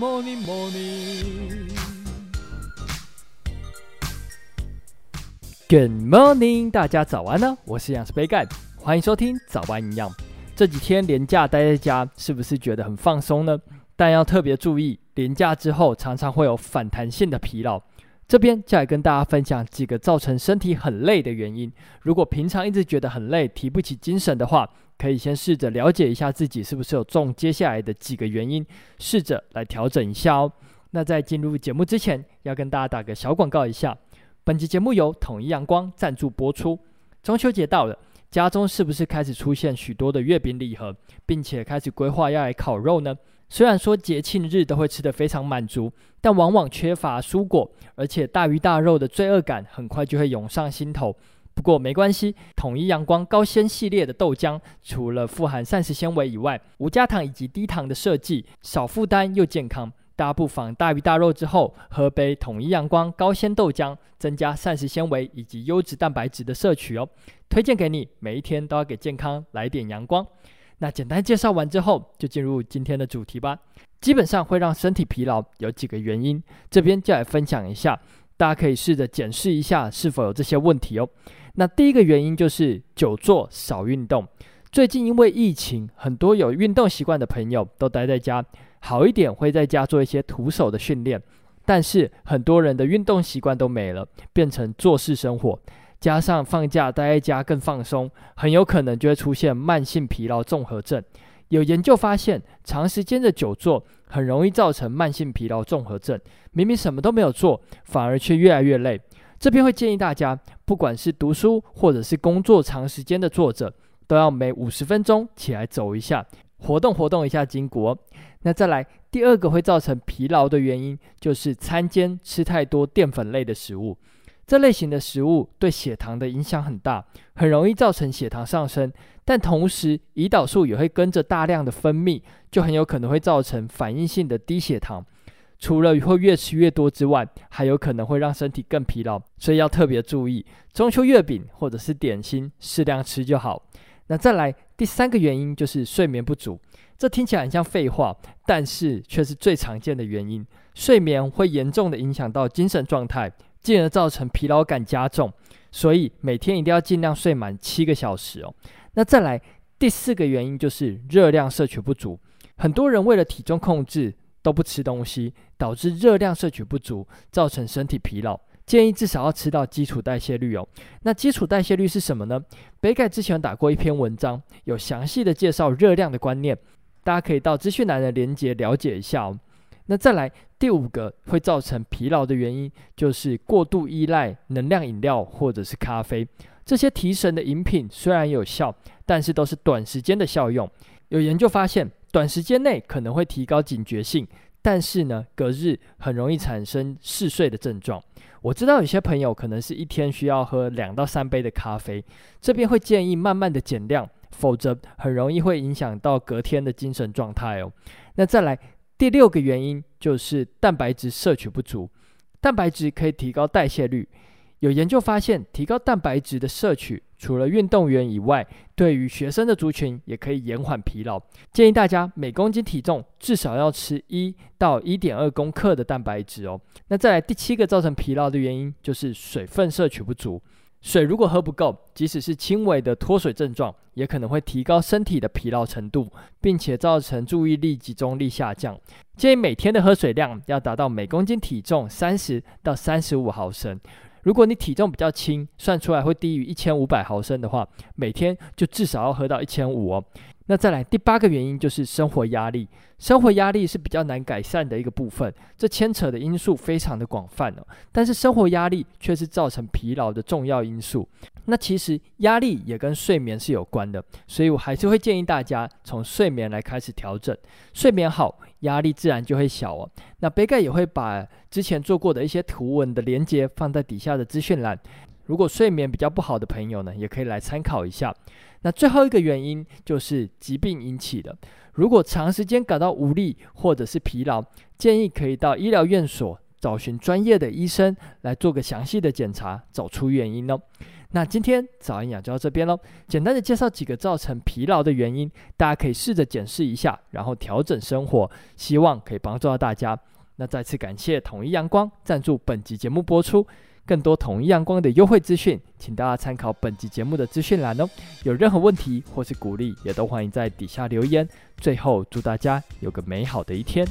Morning, morning. Good morning, 大家早安呢、啊！我是營養師杯蓋，歡迎收聽早安營養。這幾天連假待在家，是不是覺得很放鬆呢？但要特別注意，連假之後常常會有反彈性的疲勞。這邊就來跟大家分享幾個造成身體很累的原因。如果平常一直覺得很累，提不起精神的話，可以先試着了解一下自己是不是有中接下來的幾個原因，試着來調整一下哦。那在進入節目之前，要跟大家打個小廣告一下，本集節目由統一陽光贊助播出。中秋節到了。家中是不是開始出現許多的月餅禮盒，並且開始規劃要來烤肉呢？雖然說節慶日都會吃得非常滿足，但往往缺乏蔬果，而且大魚大肉的罪惡感很快就會湧上心頭。不過沒關係，統一陽光高纖系列的豆漿，除了富含膳食纖維以外，無加糖以及低糖的設計，少負擔又健康。大家不妨大魚大肉之後，喝杯統一陽光高纖豆漿，增加膳食纖維以及優質蛋白質的攝取哦。推薦給你，每一天都要給健康來點陽光。那簡單介紹完之後，就進入今天的主題吧。基本上會讓身體疲勞有幾個原因，這邊就來分享一下，大家可以試着檢視一下是否有這些問題哦。那第一個原因就是久坐少運動。最近因為疫情，很多有運動習慣的朋友都待在家。好一點，會在家做一些徒手的訓練，但是很多人的運動習慣都沒了，變成坐式生活。加上放假待在家更放鬆，很有可能就會出現慢性疲勞綜合症。有研究發現，長時間的久坐很容易造成慢性疲勞綜合症。明明什麼都沒有做，反而卻越來越累。這邊會建議大家，不管是讀書或者是工作，長時間的坐着，都要每五十分鐘起來走一下，活動活動一下筋骨。那再來第二個會造成疲勞的原因，就是餐間吃太多澱粉類的食物。這類型的食物對血糖的影響很大，很容易造成血糖上升，但同時胰島素也會跟着大量的分泌，就很有可能會造成反應性的低血糖。除了會越吃越多之外，還有可能會讓身體更疲勞，所以要特別注意中秋月餅或者是點心，適量吃就好。那再來第三個原因就是睡眠不足，這聽起來很像廢話，但是卻是最常見的原因。睡眠會嚴重的影響到精神狀態，進而造成疲勞感加重。所以每天一定要盡量睡滿七個小時哦。那再來第四個原因就是熱量攝取不足，很多人為了體重控制都不吃東西，導致熱量攝取不足，造成身體疲勞。建議至少要吃到基礎代謝率哦。那基礎代謝率是什麼呢？杯蓋之前打過一篇文章，有詳細的介紹熱量的觀念，大家可以到資訊欄的連接了解一下哦。那再來第五個會造成疲勞的原因，就是過度依賴能量飲料或者是咖啡這些提神的飲品，雖然有效，但是都是短時間的效用。有研究發現，短時間內可能會提高警覺性。但是呢，隔日很容易產生嗜睡的症狀。我知道有些朋友可能是一天需要喝兩到三杯的咖啡，這邊會建議慢慢的減量，否則很容易會影響到隔天的精神狀態哦。那再來，第六個原因就是蛋白質攝取不足，蛋白質可以提高代謝率。有研究發現，提高蛋白質的攝取，除了運動員以外，對於學生的族群也可以延緩疲勞。建議大家每公斤體重至少要吃一到一點二公克的蛋白質哦。那再來，第七個造成疲勞的原因就是水分攝取不足。水如果喝不夠，即使是輕微的脫水症狀，也可能會提高身體的疲勞程度，並且造成注意力、集中力下降。建議每天的喝水量要達到每公斤體重三十到三十五毫升。如果你體重比較輕，算出來會低於一千五百毫升的話，每天就至少要喝到一千五哦。那再來，第八個原因就是生活壓力，生活壓力是比較難改善的一個部分，這牽扯的因素非常的廣泛哦。但是生活壓力卻是造成疲勞的重要因素。那其實壓力也跟睡眠是有關的，所以我還是會建議大家從睡眠來開始調整，睡眠好，壓力自然就會小哦。那杯蓋也會把之前做過的一些圖文的連接放在底下的資訊欄，如果睡眠比較不好的朋友呢，也可以來參考一下。那最後一個原因就是疾病引起的，如果長時間感到無力或者是疲勞，建議可以到醫療院所找尋專業的醫生來做個詳細的檢查，找出原因哦。那今天早安營養就到這邊嘍，簡單的介紹幾個造成疲勞的原因，大家可以試着檢視一下，然後調整生活，希望可以幫助到大家。那再次感謝統一陽光贊助本集節目播出，更多統一陽光的優惠資訊，請大家參考本集節目的資訊欄哦。有任何問題或是鼓勵，也都歡迎在底下留言。最後，祝大家有個美好的一天。